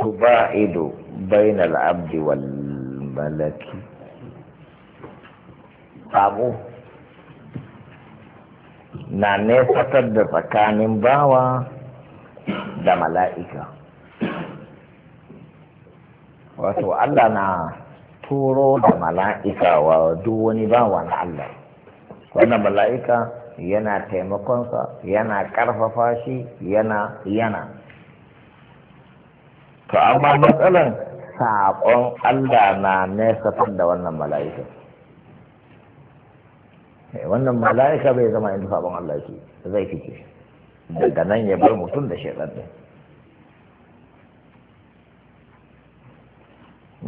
تباعد بين العبد والملك abu na nefatar da tsakanin bawa da mala'ika wato Allah na turo da mala'ika wa duk wani bawa na Allah wannan mala'ika yana taimakonsa yana ƙarfafa shi yana yana to amma matsalan saƙon Allah na nesa da wannan mala'ika eh, wannan mala'ika bai zama inda saƙon Allah ke zai fice daga nan ya bar mutum da shekar ɗin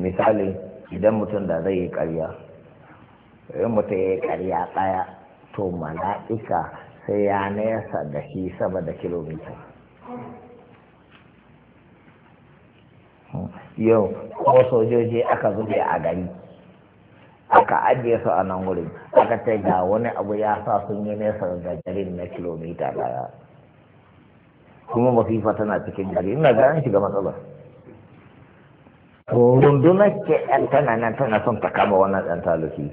misali idan mutum da zai yi karya, yi mutum ya yi ƙarya ɗaya to mala'ika sai ya nesa da shi sama da kilomita yau ko sojoji aka zube a gari aka ajiye su a nan wurin aka ce ga wani abu ya sa sun yi nesa da garin na kilomita daya kuma mafifa tana cikin gari ina ga an shiga matsala rundunar ke yan tana nan tana son ta kama wannan ɗan talifi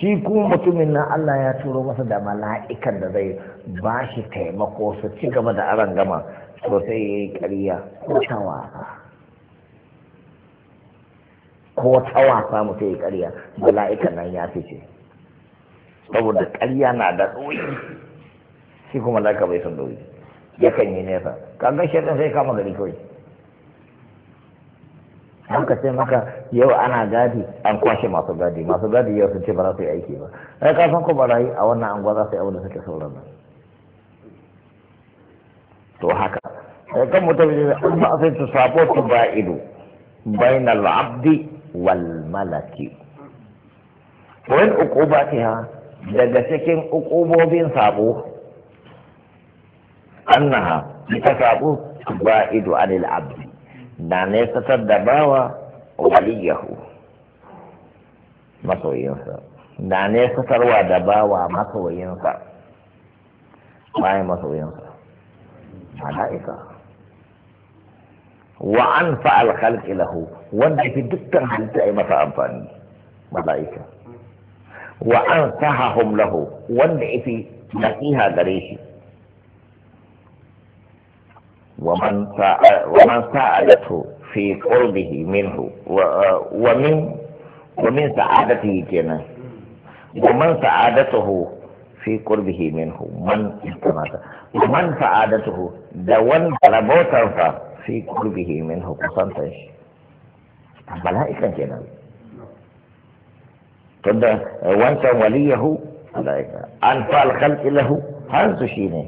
shi kuma mutumin nan Allah ya turo masa da mala'ikan da zai ba shi taimako su ci gaba da aran gama sosai ya yi ƙarya ko ta ko ta wasa mutum ya karya mala'ikan nan ya fice saboda karya na da ɗoyi shi kuma laka bai san ɗoyi kan yi nesa kaga shaitan sai kama gari kawai haka sai maka yau ana gadi an kwashe masu gadi masu gadi yau sun ce ba za su yi aiki ba ai ka san ko barayi a wannan anguwa za su yi abin da suke sauran nan to haka sai kan mutum ne ba sai su sabo su ba ido bainal abdi wal malaki wani uqubatiha daga cikin uqubobin sabo annaha ita sabo ba'idu anil abdi na ne satar da bawa waliyahu masoyinsa da ne satarwa da bawa masoyinsa bayan masoyinsa mala'ika wa an fa'al khalqi lahu wanda fi dukkan halitta ai masa amfani mala'ika wa an sahahum lahu wanda fi nasiha gare shi wa man sa'adatu fi qurbihi minhu wa min wa min sa'adatihi kenan wa man sa'adatuhu fi qurbihi minhu man istamata wa man sa'adatuhu da wanda rabotarsa fi qurbihi minhu kusantan shi mala'ikan kenan tunda eh, wancan waliyahu malaika an fa alkhalqi lahu hansu shine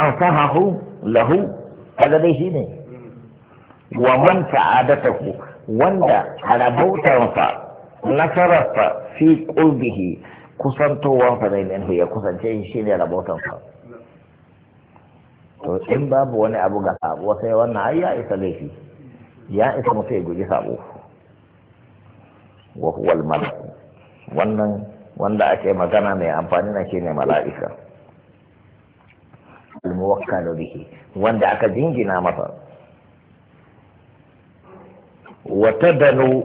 an fahahu lahu kaga dai shine wa man ta'adatahu wanda rabautarsa nasararsa fi qurbihi kusantowarsa da minhu ya kusance shi ne rabautarsa in babu wani abu ga sabo sai wannan ai ya isa laifi ya isa mutum ya guji sabo wa huwal malak wannan wanda ake magana mai amfani na shine mala'ika al muwakkal bihi wanda aka jingina masa wa tadanu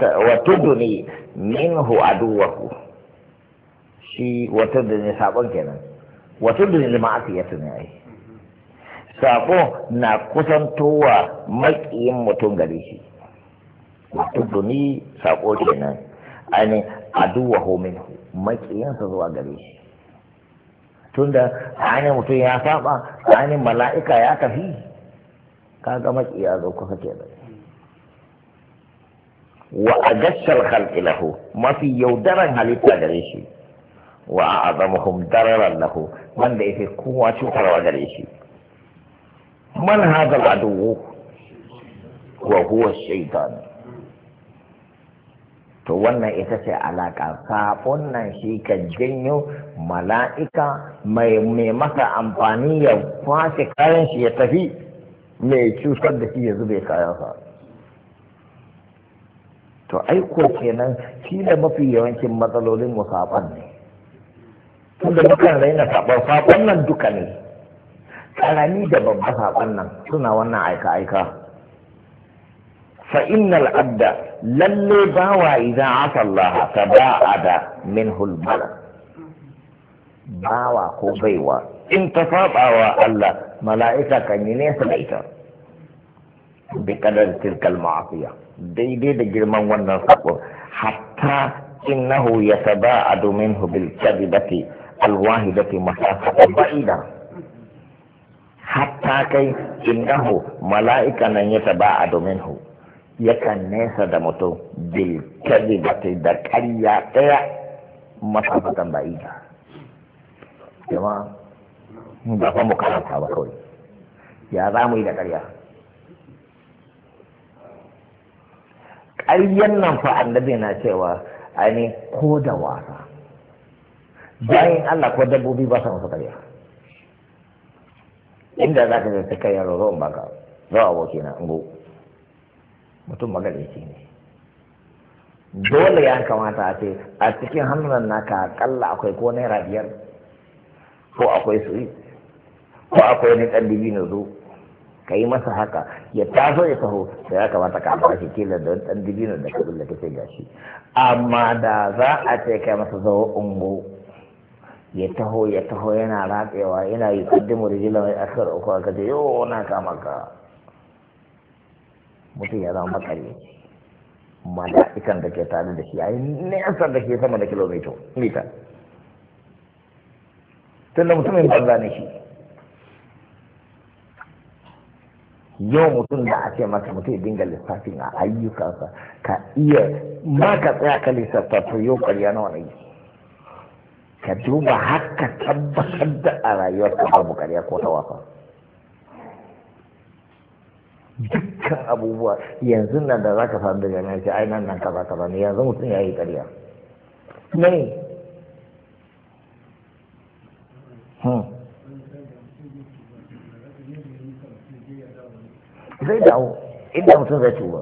wa tuduni minhu aduwahu shi wata da ne sabon kenan wato da ne ma'asiyatu ne ai sako na kusantowa makiyin mutum gare shi wato duni sako kenan ani aduwa homin maƙiyinsa zuwa gare shi tunda ainihin mutum ya saba ainihin mala'ika ya tafi kaga maƙiya zo kusa kenan wa agashar khalqi lahu mafi yaudaran halitta gare shi wa a'zamuhum dararar lahu wanda yake kowa cutarwa gare shi man hadha adu wa huwa shaitan to wannan ita ce alaƙa sabon nan shi ka janyo mala'ika mai masa amfani ya kwashe kayan shi ya tafi mai cutar da shi ya zube kayansa to aiko kenan shi da mafi yawancin matsalolin musafan ne tunda mukan raina saɓon saɓon nan duka ne ƙarami da babba saɓon nan suna wannan aika-aika fa abda lalle bawa idan asa Allah ta ba'ada min hulmala bawa ko baiwa in ta wa Allah mala'ika kan yi nesa da ita bi kadar tilkal daidai da girman wannan saƙo hatta innahu yataba'adu minhu bil kadibati alwahidati masafatan ba'ida hatta kai innahu mala'ika nan ya taba a domin hu yakan nesa da mutum bil kadibati da karya daya masafatan ba'ida jama'a ba fa mu karanta ba kawai ya za mu yi da karya ƙaryan nan fa annabi na cewa ainihin ko da wasa bayan Allah ko dabbobi ba sa masa karya inda za ka zai kai yaro zo ba ka zo aboki na ngo mutum magareci ne dole ya kamata a ce a cikin hannun naka kalla akwai ko naira biyar ko akwai suri ko akwai ni ɗan dibi na zo ka yi masa haka ya taso ya taho da ya kamata ka ba shi kila da ɗan dibi na da kabila ka ce gashi amma da za a ce kai masa zawo ungo ya taho ya taho yana ratsewa yana yi kaddimu da jila mai akar uku aka ce yau na kama ka mutum ya zama makare ikan da ke tare da shi yayi nesa da ke sama da kilomita mita tunda mutumin banza ne shi yau mutum da a ce maka mutum ya dinga lissafin a ayyukansa ka iya ma ka tsaya ka lissafa to yau ƙarya nawa na yi ka duba haka tabbatar da a rayuwar ka babu bukariya ko ta wafa. dukkan abubuwa yanzu nan da zaka samu daga nan ce ai nan nan kaza kaza ne yanzu mutum ya yi karya ne hmm. zai dawo inda mutum zai tuba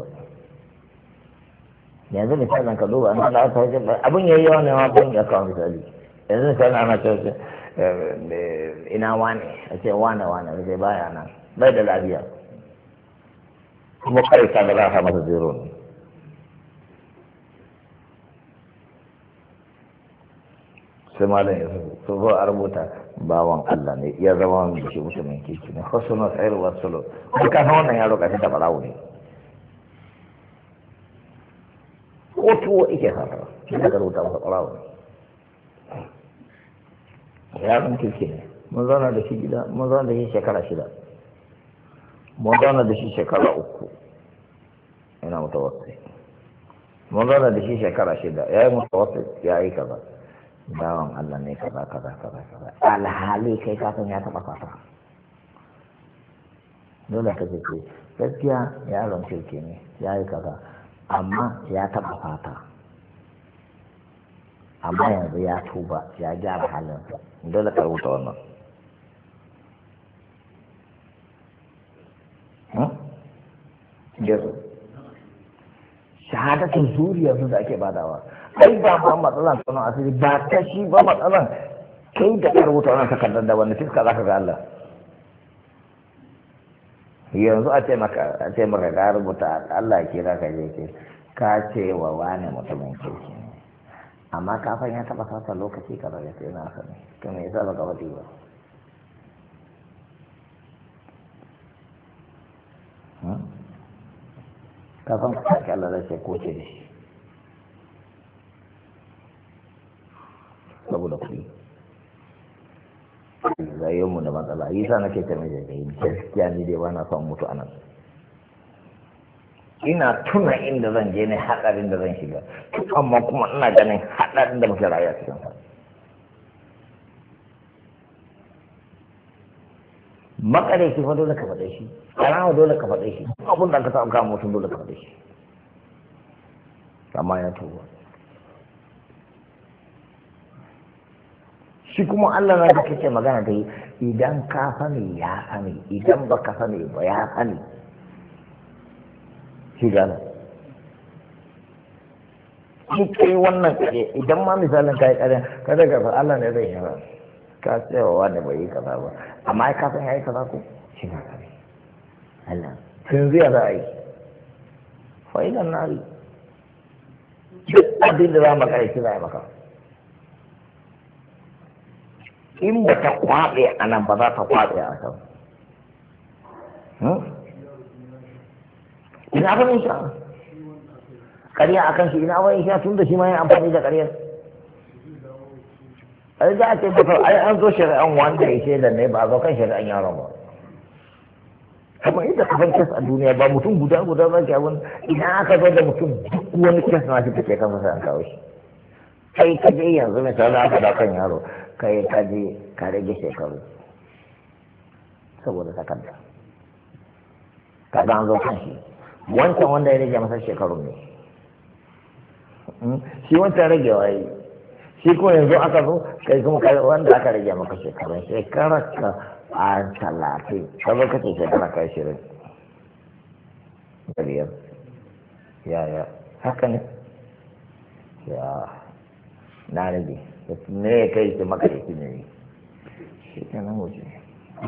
yanzu misalin ka duba an da aka abin yayi yawa ne abin ya kawo misali yanzu sai ana cewa eh, ina wane a ce wane wane a ce baya nan bai da lafiya kuma karisa ta za a masa zero ne sai malam ya su zo a rubuta bawan Allah ne ya zama wani da shi musulmin kirki ne na tsayar wasu sulu kai ka san wannan yaro kashi da balawo ne ko tuwo ike fata shi da rubuta masa balawo ne yaron kirki ne mun zauna da shi gida mun zauna da shi shekara shida mun zauna da shi shekara uku ina mutawatsi mun zauna da shi shekara shida ya yi mutawatsi ya yi kaza bawan Allah ne kaza kaza kaza kaza alhali kai kafin ya taɓa fata, dole ka ce gaskiya yaron kirki ne ya yi kaza amma ya taɓa fata amma yanzu ya tuba ya gyara halin dole ka rubuta wannan hmm? yanzu shahadatun zuri yanzu da ake badawa ai ba ba matsalan tsanon asiri ba ta shi ba matsalan kai da ka rubuta wannan takardar da wanda fiska za ka ga Allah yanzu a ce maka a ce maka ka rubuta Allah ya kira ka je ke ka ce wa wani mutumin kirki amma kafin ya taɓa sata lokaci ka ya sai na sani to me yasa baka wadi ba kafin hmm? ka sake Allah zai sai koce da shi saboda kuɗi mu da matsala yi sa nake ta mai da gaskiya ni dai ba na son mutu a nan ina tuna inda zan je ne haɗarin da zan shiga amma kuma ina ganin haɗarin da muke rayuwa cikin sa makare shi fa dole ka faɗe shi karawa dole ka faɗe shi abin da ka taɓa kama mutum dole ka faɗe shi amma ya tuba shi kuma Allah na da kake magana da idan ka sani ya sani idan ba ka sani ba ya sani ki gana in kai wannan kare idan ma misalin kai kare kada ga Allah ne zai yi ka tsayawa wani bai yi kaza ba amma ka san yayi kaza ko shi na kare Allah sun zai za a yi fa'idan nari duk abin da za mu kare shi za a maka in ba ta kwaɗe a nan ba za ta kwabe a kan hmm? ina ban isha ƙarya a kan shi ina ban isha tun da shi ma ya amfani da ƙaryar yi za a ce A ai an zo shari'an wanda ya shaidar ne ba a zo kan shari'an yaro ba kuma inda ka san kes a duniya ba mutum guda guda ba ke abin ina aka zo da mutum duk wani kes na shi take kan sa an kawo shi kai ka je yanzu misali aka da kan yaro kai ka je ka rage shekaru saboda takarda ka ga an zo kan shi wancan wanda ya rage masa shekaru ne hmm? shi wancan rage waye shi kuma yanzu aka zo kai kuma kai wanda aka rage maka shekaru shekara ka a talatin ka zo kace shekara ka ashirin da ya ya haka ne ya na rage ne kai ki maka da ne shi kenan wuce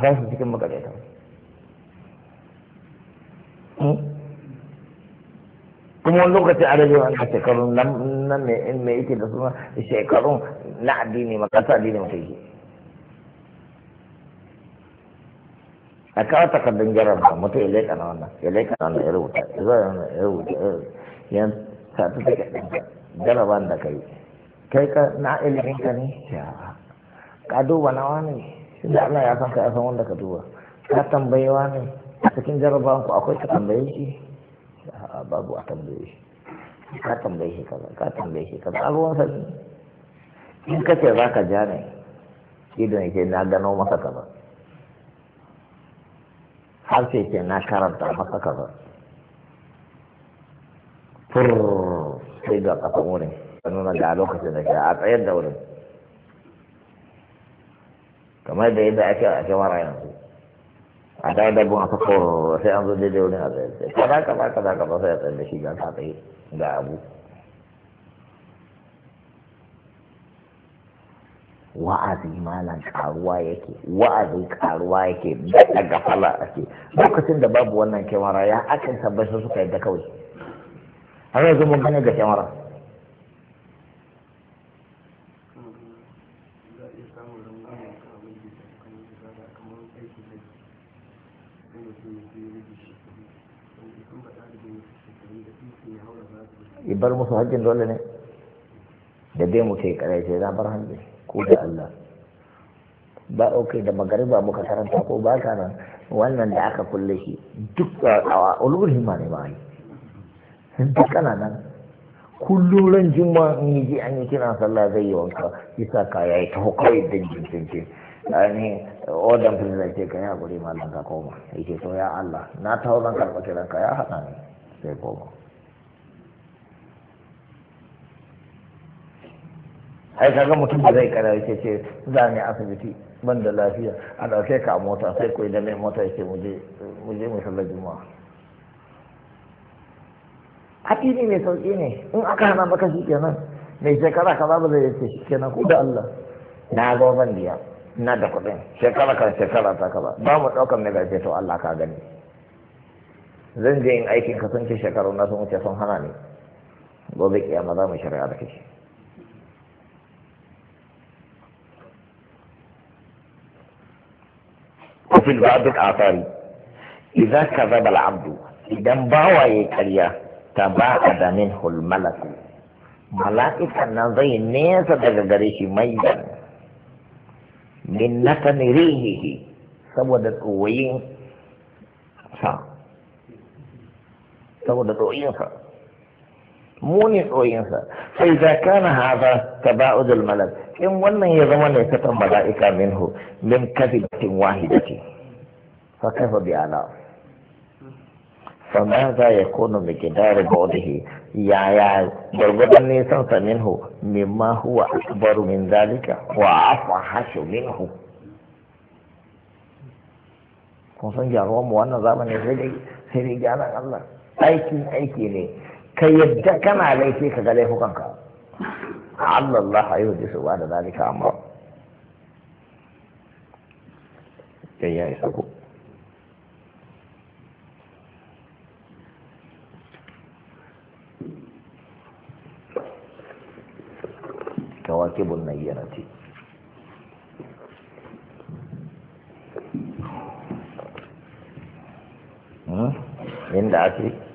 za su cikin maka da kuma wani lokaci a rage wani shekarun nan me yake da suna shekarun na addini makasa addini mata yake a kawo takardun jarar ba mutu ya laika na wannan ya laika na wannan ya rubuta ya zo ya rubuta ya sati take ɗinka jaraban da kai kai ka na ilimin ka ne ya ka duba na wani shi da Allah ya san ka ya san wanda ka duba ka tambayi wani a cikin jarabawan ku akwai ka tambayi shi a babu a tambaye shi ka tambaye shi kaza ka tambaye shi kaza alwan sani in ka ce za ka ja ne idon yake na gano masa kaza har sai ke na karanta masa kaza sai ga kafa wurin ka nuna ga lokacin da ke a tsayar da wurin kamar da yadda ake a shawara yanzu a da da bin haka sai an zo daidai wurin a tsaye sai kaza kaza ka ba sai a tsaye da shi ga ka tsaye ga abu wa'azi malam karuwa yake wa'azi karuwa yake daga gafala ake lokacin da babu wannan kyamara ya akan tabbatar suka yadda kawai har yanzu mun gane ga kyamara bar musu hajjin dole ne da dai mu ce kare za bar hajji ko da Allah ba ok da magariba muka karanta ko ba ka nan wannan da aka kulle shi duk a ulul ma ne ba yi duk kana nan kullum ran in yi ji an yi kiran sallah zai yi wanka isa ka ya taho kawai dangin dangin ne odan firzai ce ka ya guri malam koma yake to ya Allah na taho zan karɓa kiran ya haɗa ne sai koma ai kaga mutum da zai kara yake ce za ni asibiti ban da lafiya a ɗauke ka a mota sai ko da mai mota yake mu je mu sallar juma'a addini mai sauƙi ne in aka hana maka shi kenan mai shekara kaza ba zai yace shi kenan ko da Allah na ga ban biya na da kuɗin shekara kan shekara ta kaza ba mu ɗaukar na gaske to Allah ka gani zan je yin aikin kasance shekaru na sun wuce sun hana ni gobe kiyama za mu shari'a da kishi. في بعض الآثار إذا كذب العبد إذا باوى يكريا تباعد منه الملك ملائكة نظي نيسا تغدريش ميدا من نتن ريهه سود القوين سا سود القوين سا موني قوين سا فإذا كان هذا تباعد الملك إن ولن يضمن ستن ملائكة منه من كذبة واحدة فكيف بآلاف فماذا يكون مقدار بوده يا يا درجة النيسان منه مما هو أكبر من ذلك وأفحش منه kun san mu wannan zamanin sai dai sai dai gyaran Allah aikin aiki ne ka yadda kana laifi ka ga laifukanka Allah Allah ayu da da zalika amma sai ya isa ku الكواكب النيرة عند عتيق